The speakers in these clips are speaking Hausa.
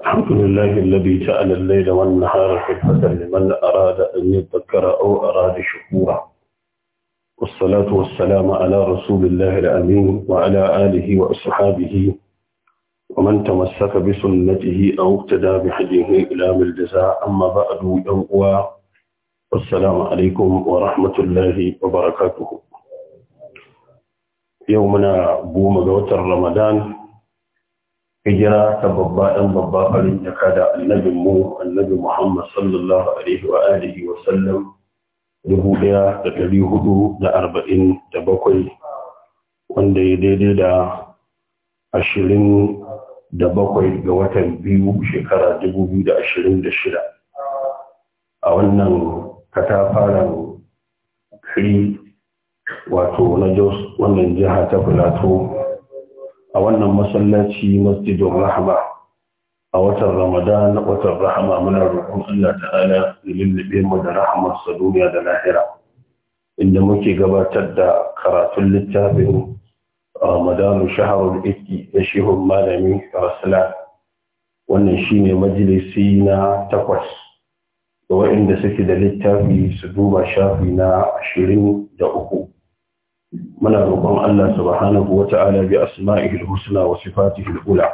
الحمد لله الذي جعل الليل والنهار خلفة لمن أراد أن يذكر أو أراد شكورا والصلاة والسلام على رسول الله الأمين وعلى آله وأصحابه ومن تمسك بسنته أو اقتدى بحديه إلى بالجزاء أما بعد يوم والسلام عليكم ورحمة الله وبركاته يومنا بوم رمضان hijira ta babba ɗan babba farin jaka da annabin mu annabi Muhammad sallallahu alaihi wa alihi wa sallam dubu ɗaya da ɗari hudu da arba'in da bakwai wanda ya daidai da ashirin da bakwai ga watan biyu shekara dubu biyu da ashirin da shida a wannan katafaren kari wato na jos wannan jiha ta filato a wannan masallaci masjidin rahama a watan ramadan watan rahama muna roƙon Allah ta'ala ya lullube mu da rahamarsa duniya da lahira inda muke gabatar da karatun littafin Ramadanu shaharul iski da shehun malami rasula wannan shine majalisi na takwas da waɗanda suke da littafi su duba shafi na ashirin da uku muna roƙon Allah subhanahu wata'ala bi asma'ihi al-husna wa sifatihi al-ula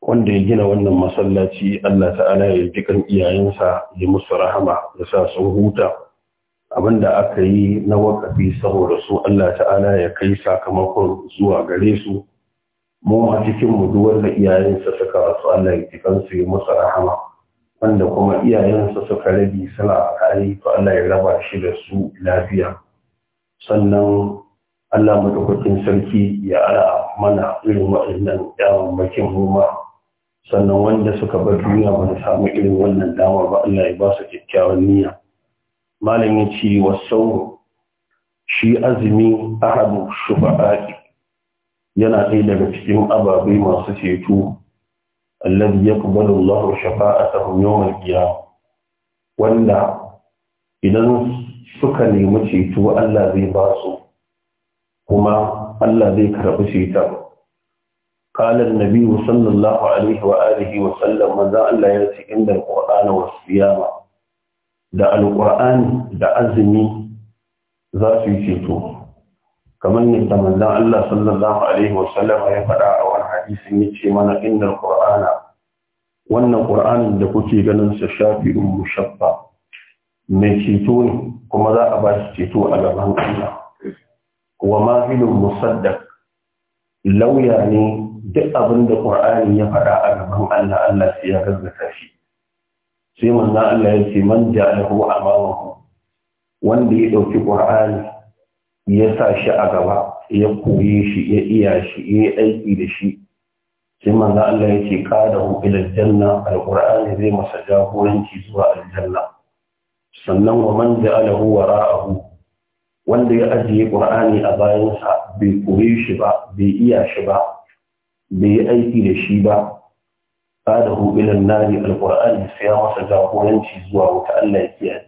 wanda ya gina wannan masallaci Allah ta'ala ya yi kan iyayensa ya musu rahama da sa sun huta abinda aka yi na wakafi saboda su Allah ta'ala ya kai sakamakon zuwa gare su mu a cikin mu duwar da iyayensa suka rasu Allah ya ji su ya musu rahama wanda kuma iyayensa suka rabi suna rayu to Allah ya raba shi da su lafiya sannan Allah madaukakin sarki ya ara mana irin waɗannan bakin noma sannan wanda suka bar duniya ba samu irin wannan damar ba Allah ya ba su kyakkyawan niyya ce wa sauro. shi azumi ahadu shufa'i yana ɗaya daga cikin ababe masu ceto alladhi yaqbalu Allahu shafa'atahu yawm al-qiyamah wanda idan suka nemi ceto Allah zai ba su kuma Allah zai karɓi ceton قال النبي صلى wa sallam وآله Allah ya ce يأتي عند القرآن والصيام da alƙur'ani da azumi za su yi ceto kamar yadda manzon Allah sallallahu alaihi wasallam ya faɗa a wani hadisin ya ce mana inda alƙur'ana wannan ƙur'anin da kuke ganin sa shafi'un shaffa mai ceto ne kuma za a ba shi ceto a gaban Allah wa mahilun musaddaq lauya ne duk abin da Qur'ani ya faɗa a gaban Allah Allah sai ya gaggata shi sai manzo Allah ya ce man ja'alahu amamahu wanda ya ɗauki ƙur'ani ya sa shi a gaba ya koye shi ya iya shi ya aiki da shi sai manzo Allah ya ce qadahu ila janna alƙur'ani zai masa jagoranci zuwa aljanna sannan wa man ja'alahu wara'ahu wanda ya ajiye qur'ani a bayansa bai koye shi ba bai iya shi ba bai yi aiki da shi ba qadahu ila an-nari al-qur'ani sai ya masa jagoranci zuwa wata Allah ya kiyaye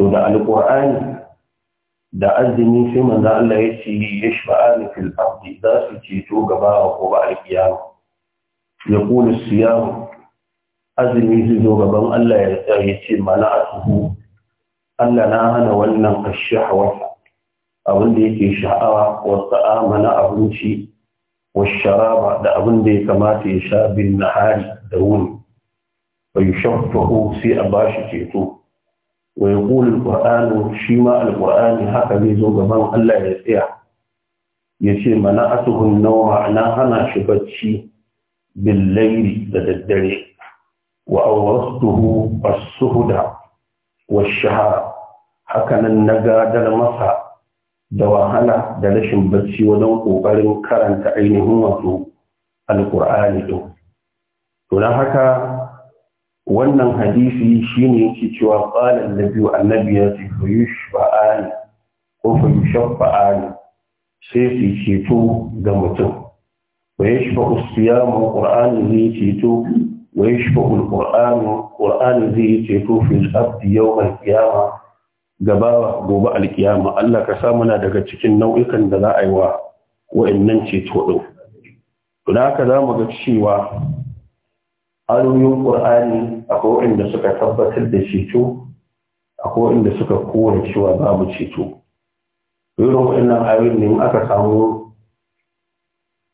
to da Alƙur'ani, da azumi sai manzo Allah ya ce yashba'ani fil ardi za su ceto gaba ko ba al-qiyama yaqulu siyam azumi zai zo gaban Allah ya ya ce mana tuhu. Allah na hana wannan kashi hawasa abin da yake sha'awa wasu amana abinci sharaba, da abin da ya kamata ya sha bin nahari da wuni bai shafahu sai a bashi ceto wa yaqulu alquran shi ma alquran haka zai zo gaban Allah ya tsaya yace mana asuhun nawa na hana shi bacci bin da daddare وأورثته السهدى والشهارة هكذا النجا دل مسا دواهلا دلش بس ودون قوقرين كرن تعينهم وطو القرآن دو ولا هكا wannan hadisi shine yake cewa qala annabi annabi ya ce yushba'ani ko fa yushba'ani sai su ceto ga mutum wa yashba'u siyamu qur'ani ne ceto wa yashfa'u al-qur'anu qur'ani zai ceto fil abdi yawm al-qiyama gabawa gobe al Allah ka sa muna daga cikin nau'ikan da za a yi wa wa'annan ceto din don haka za mu ga cewa ayoyin qur'ani akwai suka tabbatar da ceto akwai inda suka kore cewa babu ceto irin wa'annan ayoyin ne aka samu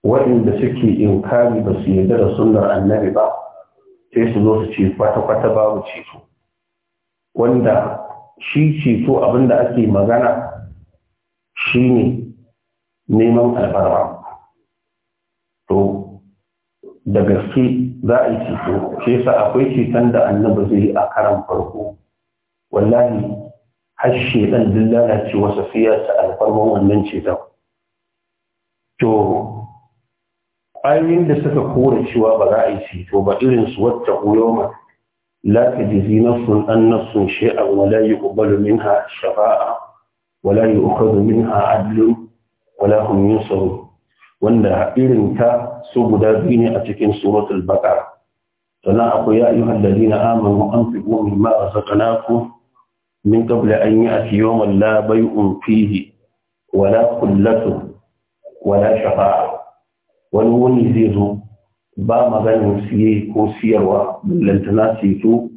waɗanda suke inkari ba su yarda da sunnar annabi ba sai su zo su ce kwata-kwata babu ceto wanda shi ceto abinda ake magana shi ne neman albarwa to da gaske za a yi ceto shi yasa akwai ceton da annabi zai yi a karan farko wallahi har shedan duk lalace wasa fiya ta alfarman wannan ceton to ayoyin da suka kore cewa ba za a yi ceto ba irin su wata yawma la tajzi nafsun an nafsun shay'an wa la yuqbalu minha shafa'a wa la yu'khadhu minha 'adlun wa la hum yunsarun wanda irin ta su guda biyu ne a cikin suratul baqara sannan akwai ya ayyuhal ladina amanu anfiqu mimma razaqnakum min qabli an ya'ti yawman la bay'un fihi wa la wala wa la shafa'a wani wani zai zo ba maganin siye ko siyarwa lantana ceto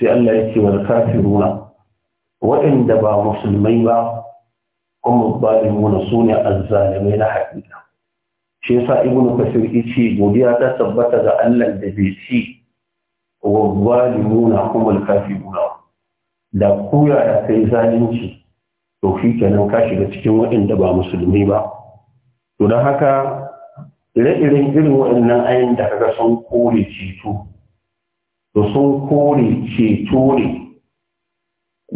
sai Allah ya ce wal kafiruna waɗanda ba musulmai ba kuma zalimuna su ne azzalimai na haƙiƙa shi yasa ibnu kasir yace godiya ta tabbata ga Allah da bai ci wa zalimuna kuma kafiruna da kuya da kai zalunci to shi kenan ka shiga cikin waɗanda ba musulmi ba to don haka ire-iren irin waɗannan ayin da kaga sun kore ceto da sun kore ceto ne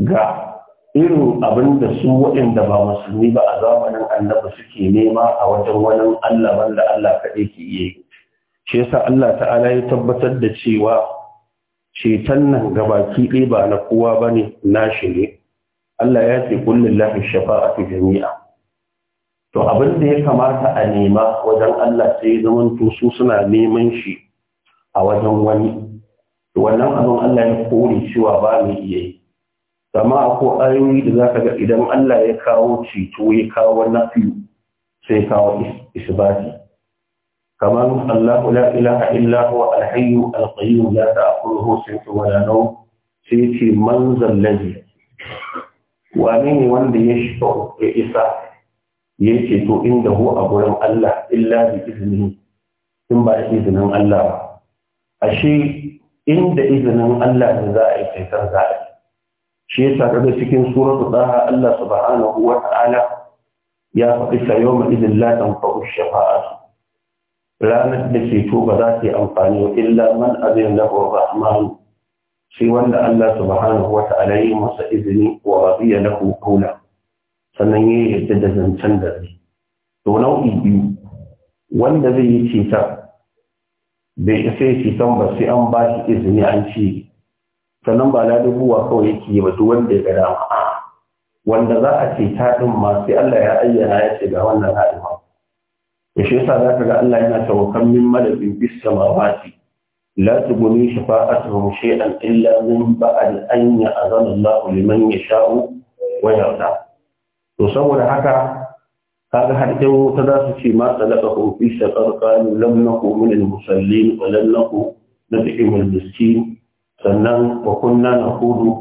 ga irin abin da su waɗanda ba musulmi ba a zamanin annabi suke nema a wajen wani Allah wanda Allah kaɗai ke iya yi shi yasa Allah ta'ala ya tabbatar da cewa ceton nan gabaki ɗaya ba na kowa ba ne nashi ne Allah ya ce kullum lafi fi jami'a to abin da ya kamata a nema wajen Allah sai ya zama su suna neman shi a wajen wani to wannan abin Allah ya kore cewa ba mu iya yi amma ko ayoyi da zaka ga idan Allah ya kawo cito ya kawo nafi sai kawo isbati كمان الله لا إله إلا la ta'khudhuhu sinatun wa la nawm ولا نوم سيتي ladhi wa وأمين wanda يشفع isa? ya ceto to inda hu a gurin Allah illa bi izini in ba izinin Allah ba ashe inda izinin Allah ne za a yi taitar za a yi shi yasa cikin suratu daha Allah subhanahu wa ta'ala ya faɗi sa yawma idin la tanfa'u shafa'a ranar da ceto ba za ta yi amfani wa illa man azin lahu rahman Sai wanda Allah subhanahu wa ta'ala yi masa izini wa radiya lahu qawla sannan ya yadda da zancen da zai to nau'i biyu wanda zai yi ceta bai isa ya ceton ba sai an ba shi izini an ce sannan ba na dubuwa kawai yake yi ba wanda ya ga dama wanda za a ce ta ɗin ma sai Allah ya ayyana ya ce ga wannan ra'ayi ya shi yasa za ka ga Allah yana tawakan min malabin ba samawati la tuguni shafa'atuhum shay'an illa min ba'd an ya'zana Allah liman yasha'u wa yarda to saboda haka kaga har yau ta za su ce ma salaka ko fi shaqar qalu lam naku min al musallin wa lam naku nad'im al miskin sannan wa kunna naqudu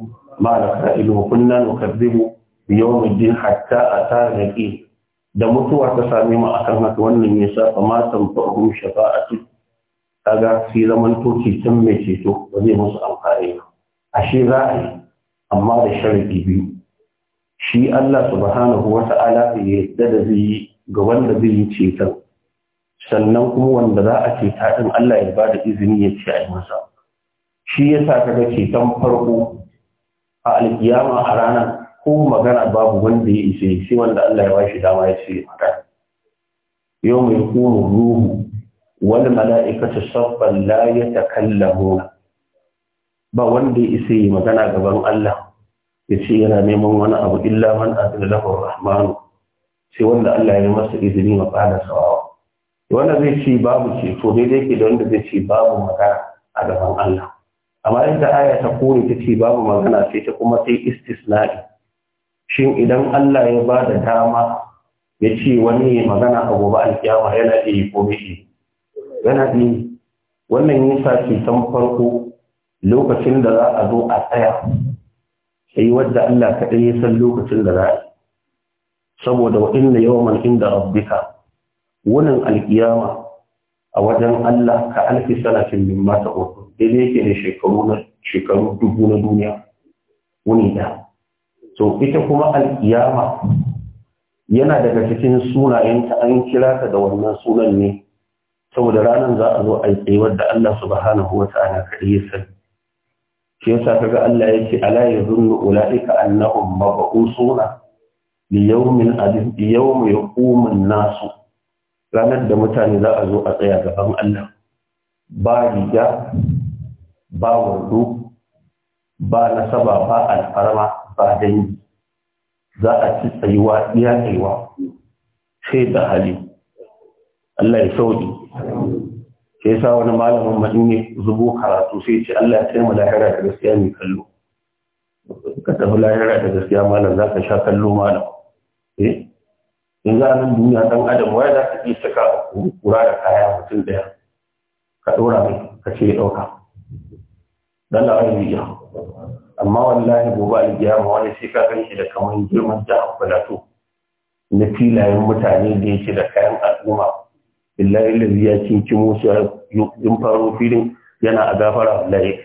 ma la ka'il wa kunna nukadibu bi yawm al din hatta ata yaqin da mutuwa ta same mu akan haka wannan yasa fa ma tanfa'u shafa'atu kaga sai zaman toki can mai ceto ba zai musu amfani ashe za a yi amma da sharadi biyu shi Allah subhanahu wa ta'ala ya yadda da zai yi ga wanda zai yi ceton sannan kuma wanda za a ce taɗin Allah ya ba da izini ya ce a yi masa shi ya sa kaga ceton farko a alkiyama a rana, ko magana babu wanda ya isa sai wanda Allah ya ba shi dama ya ce magana yau mai kunu ruhu wani mala'ikata saffan la ya takallamuna ba wanda ya isa yi magana gaban Allah ya ce yana neman wani abu illa man azina lahu rahmanu sai wanda Allah ya masa izini ma fara sawawa wanda zai ce babu ceto dai dai ke da wanda zai ce babu magana a gaban Allah amma da aya ta kore ta ce babu magana sai ta kuma sai istisna'i shin idan Allah ya ba da dama ya ce wani magana a gobe alkiyama yana iya ko bai yana iya wannan yasa ceton farko lokacin da za a zo a tsaya sai wadda Allah kaɗai ya san lokacin da za a saboda wa inna yawman inda rabbika wannan alkiyama a wajen Allah ka alfi sanatin min mata uku daidai yake da shekaru na shekaru dubu na duniya wuni da to ita kuma alkiyama yana daga cikin ta an kira ta da wannan sunan ne saboda ranar za a zo a yi tsayuwar da Allah subhanahu wa ta'ala kaɗai ya san. shi yasa kaga Allah yake ala yazunnu ulaika annahum mab'usuna li yawmin bi yawm yaqumu an-nas ranar da mutane za a zo a tsaya gaban Allah ba riga ba wando ba nasaba ba alfarma ba dangi za a ci tsayuwa iya tsayuwa sai da hali Allah ya sauki sai sa wani malamin madini zubo karatu sai ce Allah ya kai lahira da gaskiya mai kallo ka tafi lahira da gaskiya malam za ka sha kallo malam eh in za a nan duniya dan adam waya za ka iya saka kura da kaya mutum daya ka dora mai ka ce dauka dan la biya. Amma amma wallahi gobe alkiyama wani sai ka shi da kamar girman da falato na filayen mutane da yake da kayan al'umma billahi lazi ya cinci musu in faro filin yana a gafara wallahi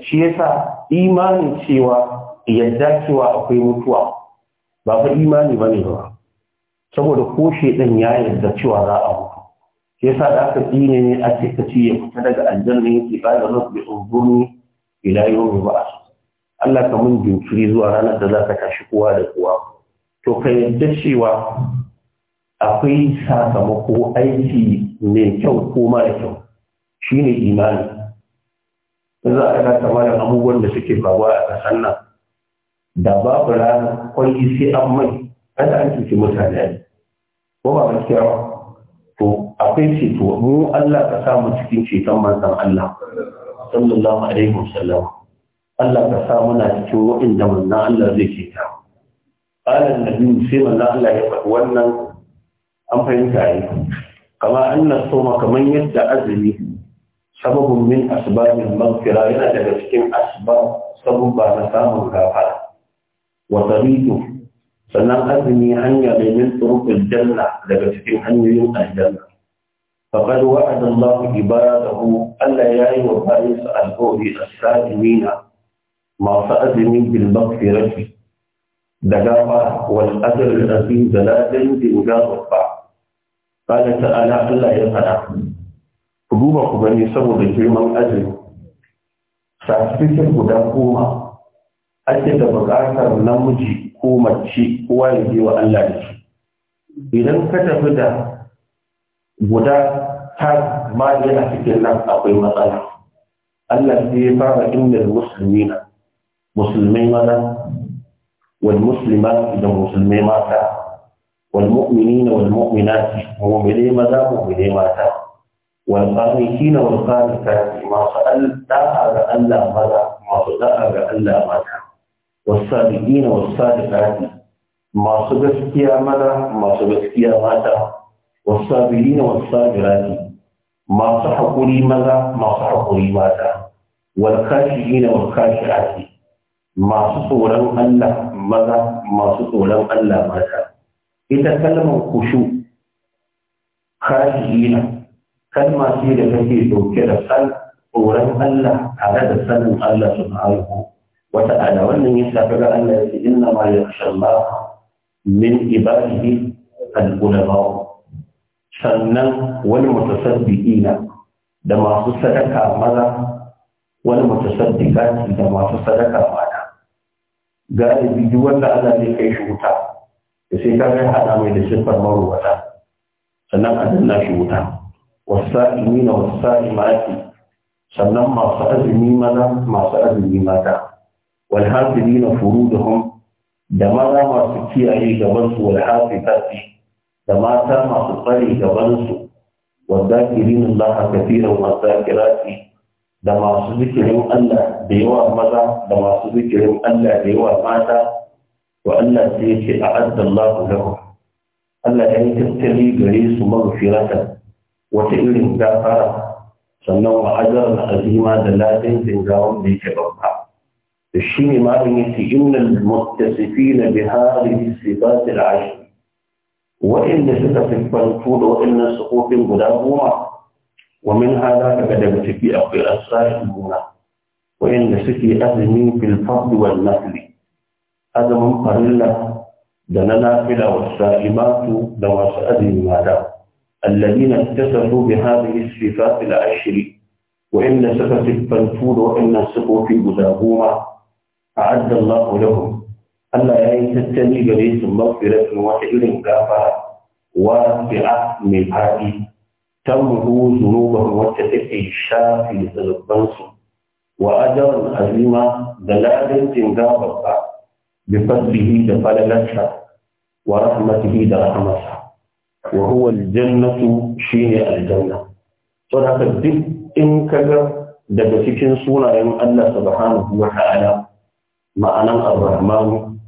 shi yasa imanin cewa yadda cewa akwai mutuwa ba fa imani bane ba saboda ko shedan ya yadda cewa za a mutu shi yasa da aka dine ne a ce ka ya fita daga aljanna yake ba da rabbi unzurni ila yawmi ba? Allah ka mun jinkiri zuwa ranar da za ka tashi kowa da kowa to ka yadda cewa akwai sakamako aiki mai kyau ko mara kyau Shi ne imani za a ga tamarin abubuwan da suke faruwa a ƙasar nan da babu ranar kwalli sai an mai kada an cuci mutane ko ba gaskiya kira. to akwai ceto mu Allah ka samu cikin ceton manzan Allah sallallahu alaihi wasallam Allah ka sa muna cikin waɗanda manzan Allah zai ke ta. Ƙalan da biyu sai manzan Allah ya faɗi wannan an fahimta yi. Kama an na kamar yadda azumi sababin min asbabin magfira yana daga cikin asbab sabubba na samun gafara. Wa tariqu sannan azumi hanya ne min turuqil janna daga cikin hanyoyin aljanna. فقد وعد الله عباده ألا يعي وبائس الأولي السالمين masu azumi bil maghfirati da gafa wal ajr azim da ladan din gafa qala ta'ala Allah ya fada ku duba ku gani saboda girman azumi certificate guda goma ake da buƙatar namiji ko mace ko ya wa Allah da shi idan ka tafi da guda ta ma yana cikin nan akwai matsala Allah sai ya fara musulmi na musulmai mata wal muslimat da musulmai mata wal mu'minina wal mu'minat mu'minai maza mu'minai mata wal qanitina wal qanitat masu da'a ga Allah maza masu da'a ga Allah mata was sadiqina was sadiqat masu gaskiya maza masu gaskiya mata was sabirina was sabirati masu haƙuri maza masu haƙuri mata wal na wal kashihati masu tsoron Allah maza masu tsoron Allah mata ita kalmar kushu khashiyina kalma ce da take dauke da san tsoron Allah tare da sanin Allah subhanahu Wata ala wannan yasa kaga Allah ya ce inna ma yakhsha min ibadihi al-ulama sannan wani mutasabbiqina da masu sadaka maza wani mutasaddiqati da masu sadaka mata galibi duk wanda ana zai kai shi wuta da sai ka ga hada mai da siffar maruwata, sannan a danna shi wuta wasa'imi na wasa'imati sannan masu azumi maza masu azumi mata walhafiri na furu da maza masu kiyaye gabansu walhafitati da mata masu tsare gabansu والذاكرين الله كثيرا والذاكرات da masu zikirin Allah da yawa maza da masu zikirin Allah da yawa mata to Allah sai ya ce a'adda Allah lahu Allah ya yi tattali gare su magfirata wata irin gafara sannan wa ajran azima da ladan dinga wanda yake babba Da shi ne malamin yace innal muttasifina bi hadhihi sifat al-ashr suka fifantu da waɗannan sukofin guda goma wa min hada daga daga ciki akwai as gona? wa'inda suke azumin bil fardhi wan nafli azumin farilla da na nafila wa da masu azumi mada alladina tasalu bi hadhihi as-sifat al-ashri wa'inda suka siffantu da waɗannan sifofi guda goma a Allahu lahum Allah ya yi tattali gare su mafiratun wata irin gafa wa fi'a mai faɗi tamhu zunuban wacce take shafi zunubansu wa ajarun azima da ladin jingabarsa bi fadlihi da falalarsa wa rahmatihi da rahmasa wa huwa aljannatu shine aljanna to haka duk in kaga daga cikin sunayen Allah subhanahu wa ta'ala ma'anan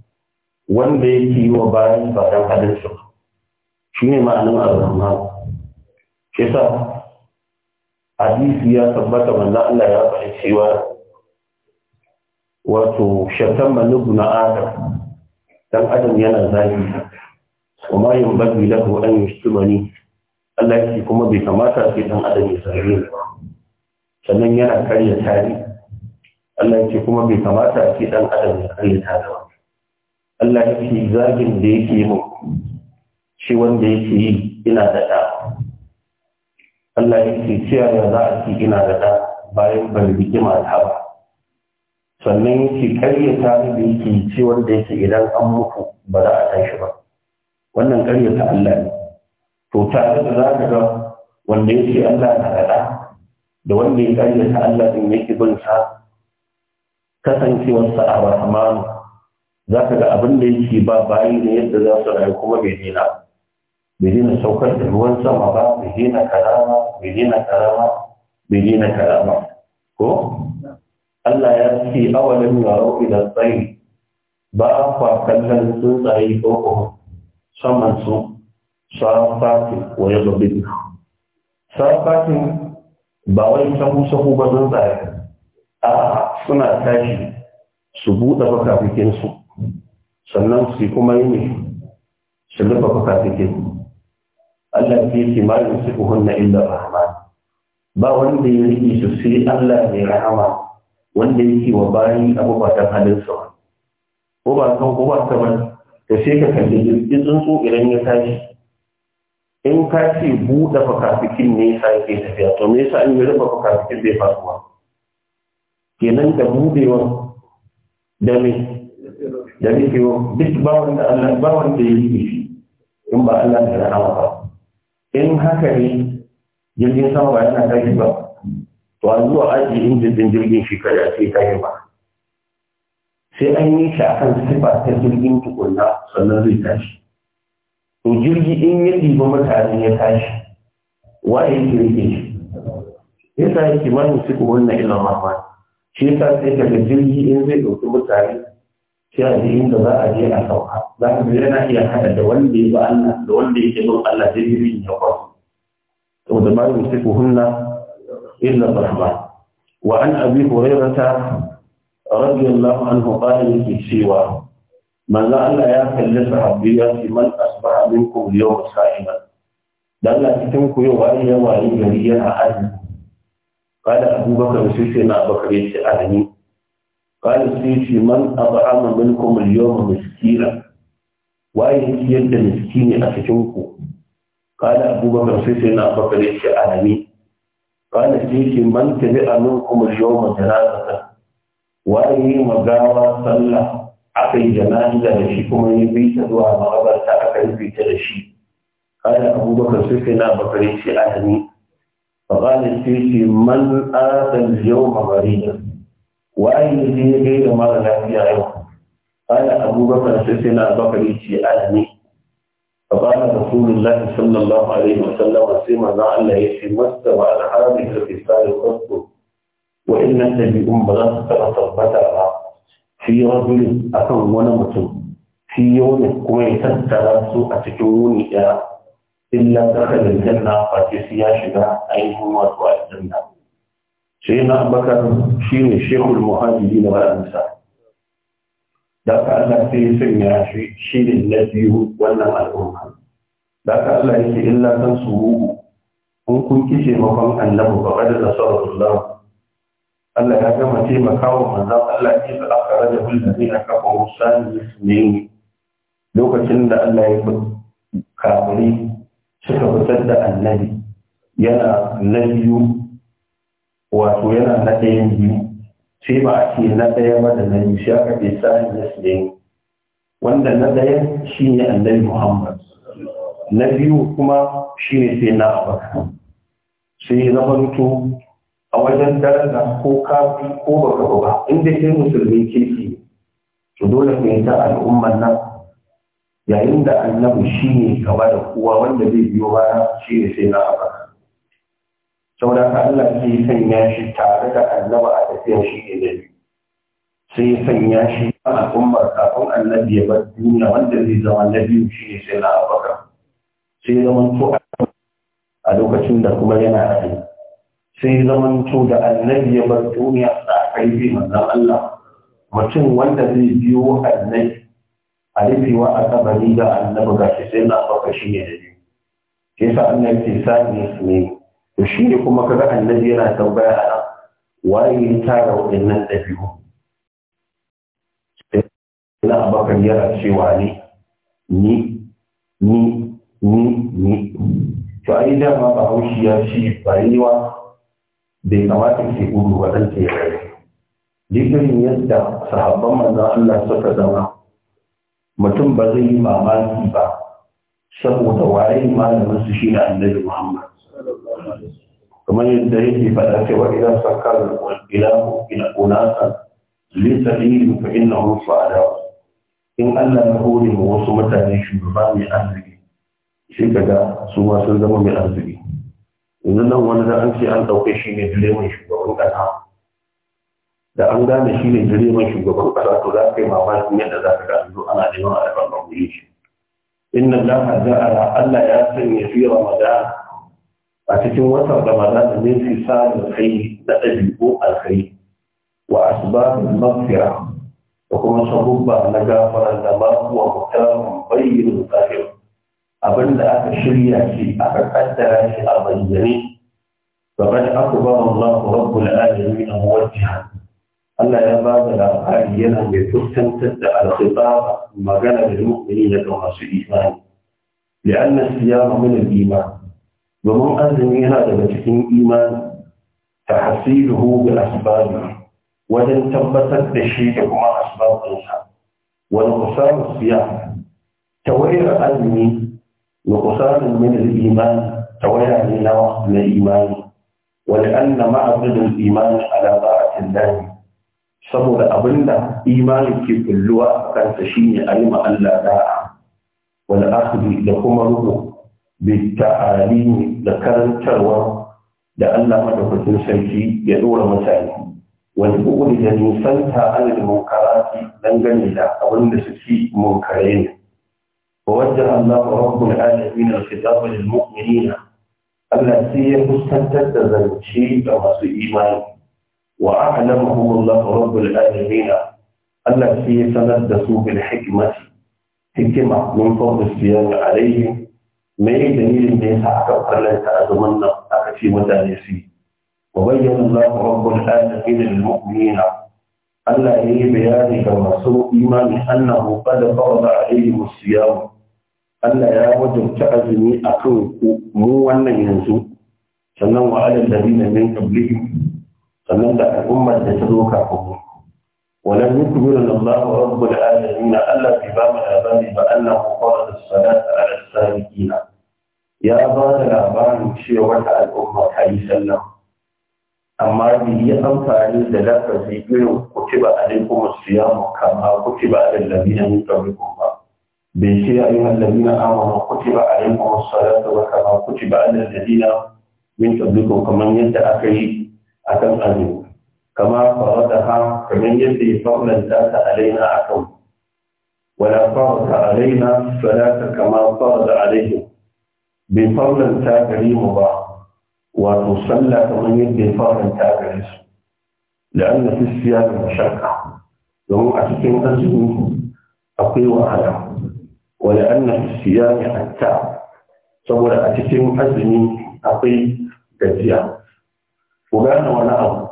wanda yake wa bayan bayan hadin shi ne ma'anan ar-rahman kisa hadisi ya tabbata manzo Allah ya faɗi cewa wato shatan malubu na adam dan adam yana zagi kuma yin babu lahu an yashtumani Allah yake kuma bai kamata sai dan adam ya zage ni sannan yana karya tari Allah yake kuma bai kamata sai dan adam ya karya tari ba Allah yake zagin da yake mu shi wanda yake yi ina da Allah yake cewa ya za a ci ina da ɗa bayan ban rigima ta ba sannan yake karyata da yake ce wanda yake idan an mutu ba za a tashi ba wannan karyata Allah ne to tare da za ka ga wanda yake Allah na da ɗa da wanda ya karyata Allah ɗin yake bin sa kasancewarsa a rahmanu za ka ga abin da yake ba bayi ne yadda za su rayu kuma bai dina ba bidina daina saukar da ruwan sama ba bidina daina karama bidina daina karama bidina daina karama ko Allah ya ce awalan yaro da tsayi ba kwa kallon tsuntsaye ko ko saman su safatin ko ya ba safatin ba wai sahu sahu ba tsuntsaye a suna tashi su buɗe bakafikinsu sannan su kuma yi ne su baka bakafikinsu Allah ya ce ma yusifuhunna illa rahman ba wanda ya yi su sai Allah ne rahama wanda yake wa bayi abu ba dan halin sa ko ba san ko ba san ba to sai ka kalli jirgin tsuntsu idan ya tashi in ka ce buɗe fakafikin ne sa yake tafiya to me yasa an yi rufe fakafikin bai fasuwa kenan da buɗewa da me da rikewa duk ba wanda Allah ba wanda ya yi shi in ba Allah da rahama ba in haka ne jirgin sama ba yana tashi ba to a zuwa aji injin jirgin shi kada a ce tashi ba sai an yi shi akan sifa ta jirgin tukunna sannan zai tashi to jirgi in yi ɗiba mutane ya tashi waye yake rike shi sa yake ma mu siku wannan ilimin ma shi sa sai daga jirgi in zai ɗauki mutane شاهدين تبا أجينا سوحا لكن بلنا هي هذا لولي وأن لولي إبو الله جديدين يقرر ودما يوسفهن إلا الرحمة وعن أبي هريرة رضي الله عنه قال في السوى من لعل يا خلف ربي في من أصبح منكم اليوم صائما لعل أتمك يوالي يوالي جريا أعلم قال أبو بكر سيسنا بكر سيسنا قال سيشي من أطعم منكم اليوم مسكينا وأين يد مسكيني أتشوكو قال أبو بكر سيدنا أبو بكر يشي قال سيشي من تبع منكم اليوم جنازة وأين مقاوى صلى أقل جنازة لشيكم يبيت دعا مغبرة أقل بيت لشي قال أبو بكر سيدنا أبو بكر يشي فقال سيشي من آتى اليوم مريضا wa'ayi ne ya gaida mara lafiya yau kana abubakar sai sai na albakar yi ce azumi a bana da sunan lafi sallallahu alaihi wa sallam a sai maza allah ya ce masta ba da harabi da ke sare kwasto wa innan da ba za su taɓa tabbata ba fi yawon a kan wani mutum fi yawon kuma ya tattara su a cikin wuni ɗaya illa ta kalin janna ba ke ya shiga ainihin wasu a idan sai na abakar shi ne shekul muhajiri na waɗansa da ka Allah sai ya sanya shi shi ne na biyu wannan al'umma da ka Allah yake illa kan su in kun kishe mafan annabu ba kada da sallallahu Allah ya gama taimakawa manzon Allah ya sa da rage ne da kawo sani ne lokacin da Allah ya kamuri suka fitar da annabi yana na biyu wato yana na ɗayan biyu sai ba a ce na ɗaya ba da na biyu shi aka fi sa'in na wanda na ɗaya shi ne annabi muhammad na biyu kuma shi ne sai na abaka sai na bantu a wajen daraja ko kafi ko baka ba inda sai musulmi ke, to dole ne ta al'ummar nan yayin da annabi shi ne gaba da kowa wanda zai biyo baya shi ne sai na abaka saboda Allah Allah ya sanya shi tare da annaba a tafiyan shi ke da sai ya sanya shi a al'ummar kafin annabi ya bar duniya wanda zai zama na biyu shi ne sai na abaka sai zaman to a lokacin da kuma yana rayu sai zaman to da annabi ya bar duniya a kai bi manzon Allah mutum wanda zai biyo annabi a rufewa a kabari da annabi shi sai na abaka shi ne da biyu Ke sa annabi sai sa ne su ne to shi ne kuma kaga annabi yana tambaya a nan waye ya tara waɗannan ɗabi'u na abakar yana cewa ne ni ni ni ni to yi dama ba haushi ya ci bayiwa bai kamata ke gudu waɗanta ya rai dikirin yadda sahabban manzan Allah suka zama mutum ba zai yi mamaki ba saboda waye malamin su shi ne annabi Muhammad kamar yadda yake faɗa cewa idan sakar ilahu ina unasa lisa dini fa inna hu fa'ada in Allah ya hore mu wasu mutane shugaba mai arziki Shi kaga su ma sun zama mai arziki yanzu nan wani da an ce an ɗauke shi ne direban shugaban ƙasa da an gane shi ne direban shugaban ƙasa to za ka yi mamakin yadda za ka gano ana neman a yaban ɗauke shi inna Allah ja'ala Allah ya sanya fi Ramadan a cikin watan ramadan min fisalin kai da ɗabi'u alkai wa asbabul maghfira da kuma sabubba na gafara da ma huwa mutamun bayyinun zahir abin da aka shirya shi aka kaddara shi a bayyane فقد أخبر الله رب العالمين موجها Allah ya ba da labari yana mai fuskantar da alkhitaba magana da mu'mini daga masu imani. Li'anna siyama min al-iman domin azumi yana daga cikin imani ta hasiluhu bil asbabi wajen tabbatar da shi da kuma asbabinsa wani kusurar siya ta wayar azumi da kusurar min imani ta waya ne nawa na imani wani an na ma'abudin imani ala ba'atin dani saboda abinda imani ke kulluwa a kansa shine a yi ma'alla da'a wani da kuma rubu Bitta bitta'ali da karantarwa da Allah madaukakin sarki ya dora mutane wani bugu da nisanta an da munkarati dangane da abin da suke munkare ne wajda Allah wa rabbul alamin al-kitab lil mu'minin Allah sai ya kusantar da zance ga masu imani wa a'lamuhum Allah rabbul alamin Allah sai ya sanar da su bil hikmati hikima mun fawdu siyar alaihim me dalilin da ya aka farlanta azumin nan aka ce mutane su yi wa bayyana Allahu rabbul alamin lil mu'minina Allah ya yi bayani ga masu imani annahu qad farada alaihim as-siyam Allah ya wajabta azumi a kan mu wannan yanzu sannan wa alal ladina min qablihim sannan da al'ummar da ta zo kafin mu ولم يكبرنا الله رب العالمين ألا في باب الأبان بأنه فرض الصلاة على السالكين يا بار الأبان شيوة الأمة حي سلم أما به أنفعني دلافة زيبير كتب عليكم الصيام كما كتب على الذين من قبلكم بشيء أيها الذين آمنوا كتب عليكم الصلاة وكما كتب على الذين من قبلكم كمن يدعى أكل أزم كما فرضها فمن يدي فضلا ذات علينا عفوا ولا فرض علينا صلاة كما فرض عليهم بفضل تاكري مباح وتصلى فمن يدي فضلا تاكري لأن في السياق مشقة يوم أتكين أزمي أقوى وأنا ولأن في السياق حتى صبر أتكين أزمي أقي جزيا وغانا ولا أقوى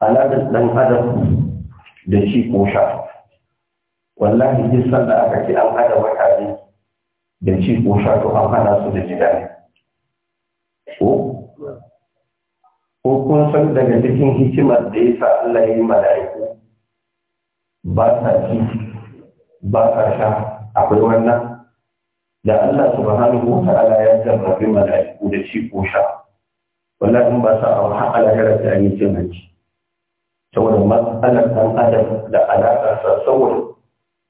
alaƙar ɗan adam da shi ko sha wallahi duk sanda aka ce an hada mutane da ci ko sha to an hana su da gida ko ko kun san daga cikin hikimar da ya sa Allah ya yi mala'iku ba sa ci ba sa sha akwai wannan da Allah subhanahu wa ta'ala ya jarrabi mala'iku da ci ko sha wallahi in ba sa a wahala ya rasa yin cin hanci saboda matsalar ɗan adam da alaƙa sa saboda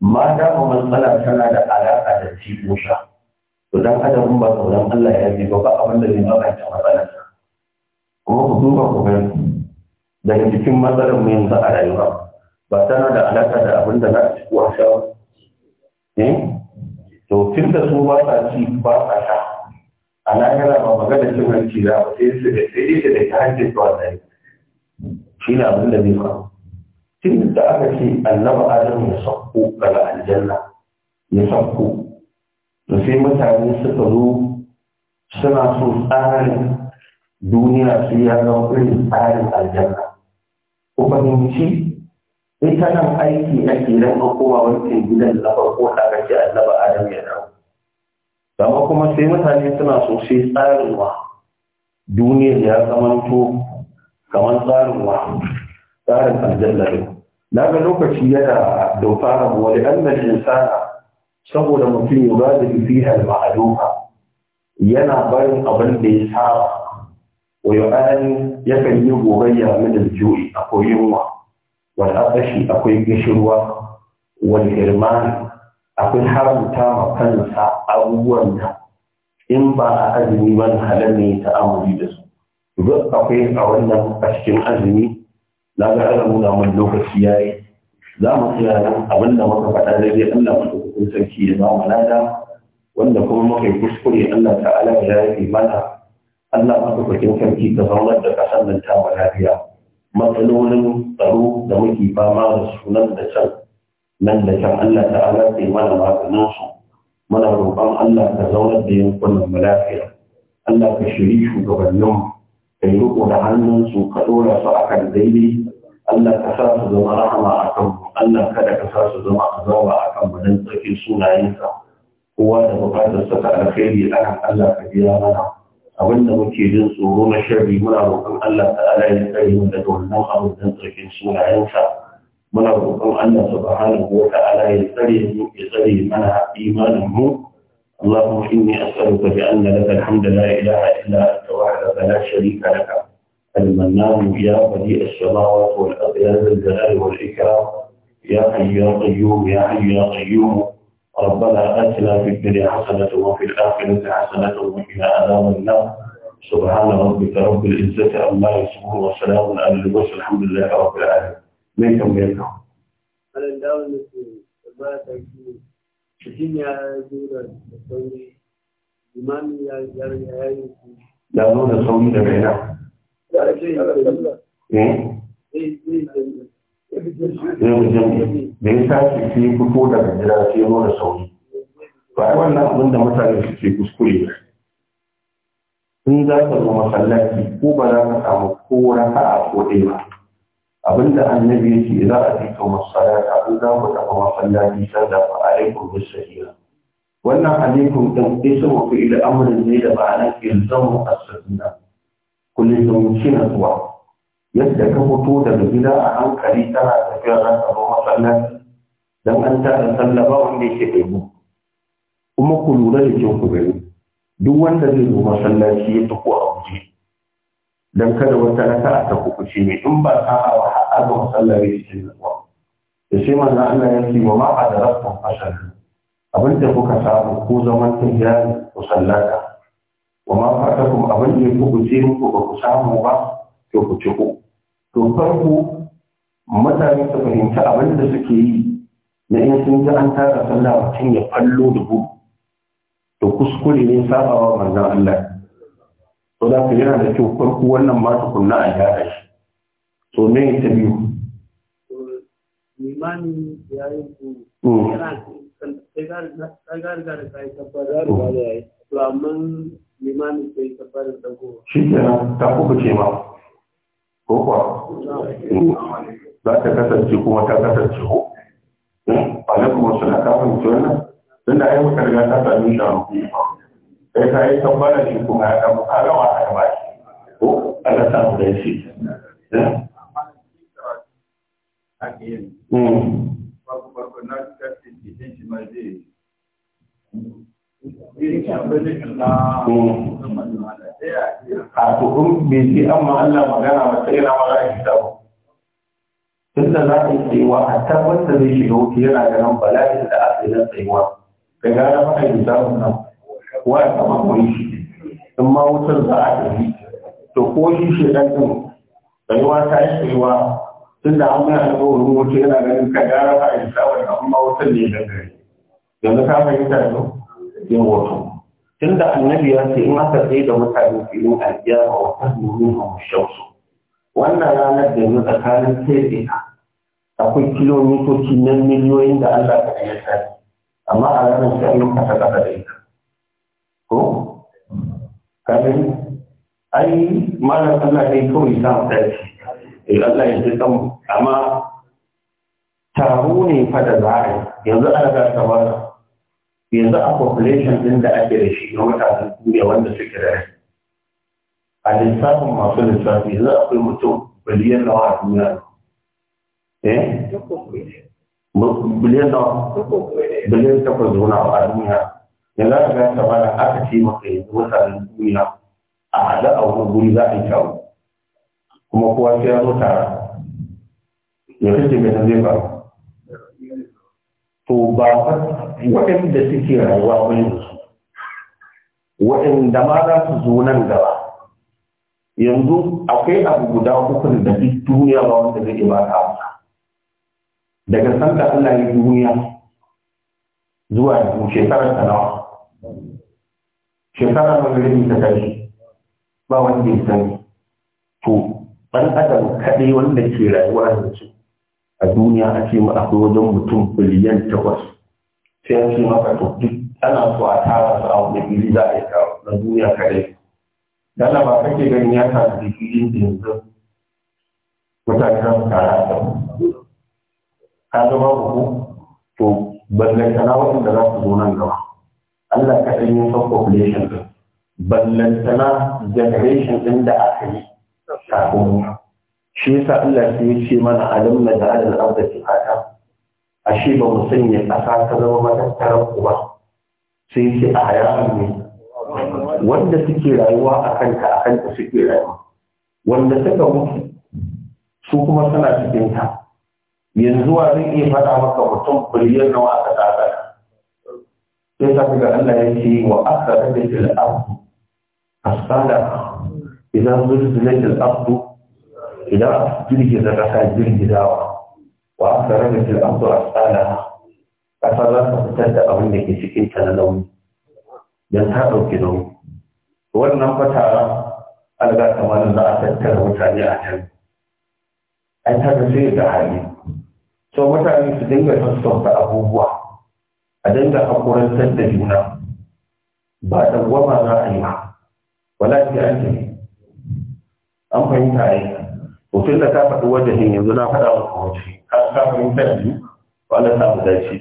ma dama tana da alaƙa da cikinsa to dan adam ba sauran Allah ya ji ba abin da zai matsalar sa kuma ku duba ku ga daga cikin matsalar mu yanzu a rayuwa ba tana da alaƙa da abin da za a ci ko sha eh to tun da su ba sa ci ba sa sha a lahira ba magana cin hanci za ba sai su da sai da ta hanci su a shi ne abin da zai faru tun da aka ce annabu adam ya sauko daga aljanna ya sauko da sai mutane suka zo suna so tsarin duniya su ya zama irin tsarin aljanna ko fahimci ta nan aiki ake ran kowa wancan gidan na farko da aka ce annabu adam ya dawo amma kuma sai mutane suna so sai tsarin wa duniyar ya to kamar tsarin wa tsarin aljanna na ga lokaci yana dofara wani annal insana saboda mutum ya ba da fi al yana barin abin da ya saba wa yakan yi gobe min al-ju'i akwai yunwa wal akwai gishirwa wal irman akwai haramta ma kansa abubuwan da in ba a azumi ban halar ne ta amuri da su duk akwai a wannan a cikin azumi na ga ana nuna mun lokaci ya yi za mu tsaya nan abin da muka faɗa da zai Allah madaukakin sarki ya ba mu lada wanda kuma muka yi kuskure Allah ta'ala ya yafe mana Allah madaukakin sarki ka zaunar da ƙasar nan ta mu lafiya matsalolin tsaro da muke fama da su nan da can nan da can Allah ta'ala ta yi mana maganin su muna roƙon Allah ta zaunar da yankunan mu lafiya Allah ka shiri shugabanninmu kai riko da hannunsu ka ɗora su akan daidai Allah ka sa su zama rahama a kan Allah kada ka sa su zama azaba a kan mu dan sunayensa kowa da bukatar sa ta alkhairi akan Allah ka biya mana Abinda muke jin tsoro na sharri muna roƙon Allah ta'ala ya tsare mu daga wannan abin dan tsakin sunayensa muna roƙon Allah subhanahu wa ta'ala ya tsare mu ya tsare mana imanin mu اللهم إني أسألك بأن لك الحمد لا إله إلا أنت وحدك فلا شريك لك المنان يا بديء السماوات والأرض يا ذا الجلال والإكرام يا حي يا قيوم يا حي يا قيوم ربنا آتنا في الدنيا حسنة وفي الآخرة حسنة وإلى امام النار سبحان ربك رب العزة عما يصفون وسلام على المرسلين الحمد لله رب العالمين. من كم يرجع؟ على الدولة المسلمين ما تكفي الدنيا دولة الإمام يا جاري هاي ya zo da sauri daga ina eh? da ya tashi sai fito daga gida sai zo da sauri ba a wannan abin da mutane suke kuskure ba in za ka zo masallaci ko ba za ka samu ko raka a ko ɗaya ba abinda annabi ya ce za a fito masallaci abin za ku tafi masallaci sanda fa alaikum bisahira wannan alaikum ɗin ismu fi ila amrin ne da ma'anar ilzamu as-sunna kullum na zuwa. yadda ka fito daga gida a hankali tana tafiya za ka zo masallaci Don an ta da sallaba wanda yake ɗebo kuma ku lura da kyau ku gani duk wanda zai zo masallaci ya tafi a guje Don kada wata raka'a ta kukuce mai in ba sa'a wa ha'a ga masallaci cikin zuwa. da sai manzo Allah ya ce wa ma adaratu fasal abin da kuka samu ko zaman tijjani ko sallaka, wa ma fatakum abin da ku ku ce muku ba ku samu ba to ku ci ku to farko mutane su fahimci abin da suke yi na in sun ji an tara sallah mutum ya fallo da ku to kuskure ne sabawa manzon Allah to da ku yana da kyau farko wannan ma tukunna a gyara shi to me ta biyu limani ya yi hmm. yana shi kenan ta kuka ce ma ko kuwa za ta kasance kuma ta kasance ko alaikum kuma suna kafin tuwanan tun da ai muka riga ta sami shi a rukuni sai yi tambara shi kuma ya kama kalawa a yaba shi ko ala samu da shi Mm. jikin shi ma zai a tukun bai ce an ma Allah magana ba sai na magana shi ta ba tunda za ka yi wa, a tabbata zai shiga wuce yana ganin bala'i da asirin tsayuwa ga gara maka yi samun nan wa ya kama koyi shi in ma wutar za a tafi to ko shi shi ɗan ɗin tsayuwa ta yi tsayuwa tun da an mai alƙawarin wuce yana ganin ka gara ba a isa wani amma wata ne da gari yanzu ka fahimta yanzu yin wato tunda da annabi ya ce in aka tsaye da mutane filin wata wa mushe su. wannan ranar da yanzu tsakanin sai akwai kilomitoci na miliyoyin da Allah ka ya tsari amma a ranar sai an kasa kasa da ita ko kamin ai malam Allah ne kawai sa mu tsari eh Allah ya ji kan amma taro ne fa da za yanzu ana ga ta yanzu a population din da ake da shi na mutanen duniya wanda suke da rai a lissafin masu lissafi yanzu akwai mutum biliyan nawa a duniya eh biliyan nawa biliyan takwas zuwa a duniya yanzu aka ga ta aka ce maka yanzu mutanen duniya a haɗa a wani guri za a yi taro kuma kuwa ya zo tara ya fi mai ta zai ba. to ba waɗanda suke rayuwa wani da su waɗanda ma za su zo nan gaba yanzu akwai abu guda uku da duk duniya ba wanda zai ba ta daga sanda Allah yi duniya zuwa yanzu shekarar ta nawa shekarar wani ta tashi ba wanda ya sani to ɗan adam kaɗai wanda ke rayuwa a yanzu a duniya a ce ma akwai wajen mutum biliyan takwas sai a ce maka to duk ana so a tara su a wani fili za a yi kawo na duniya kaɗai dala ba kake ganin ya tara da filin da yanzu mutane za su tara da ka zama ku to ballantana waɗanda za su zo nan gaba Allah kaɗai yin population ɗin ballantana generation ɗin da aka yi shi yasa Allah sai ya ce mana alam na da alal arda fihata ashe ba mu sanya ƙasa ta zama matattaran ku ba sai ya ce a hayawan ne wanda suke rayuwa a kanta a kanta suke rayuwa wanda suka mutu su kuma suna cikin ta yanzu wa zan iya faɗa maka mutum kuliyar nawa aka tsada sai sa ga Allah ya ce wa aka rage fil ardi asala idan zulzulat al-ardu idan girgiza kasa girgizawa wa akhrabat al a asalaha kasa za ta fitar da abin da ke cikin ta na nauyi dan ta dauki nauyi wannan fata alga kamar za a tattara mutane a can an taga sai da hali so mutane su dinga sassauta abubuwa a dinga hakurantar da juna ba da gwama za a yi ba wala ki an an fahimta yi. hoton da ka faɗi yin yanzu na faɗa maka wajahi ka ka fahimta ne wala ta mu dace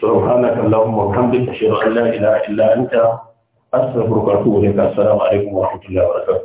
subhanaka allahumma wa bihamdika ashhadu an la ilaha illa ta astaghfiruka alaikum wa rahmatullahi wa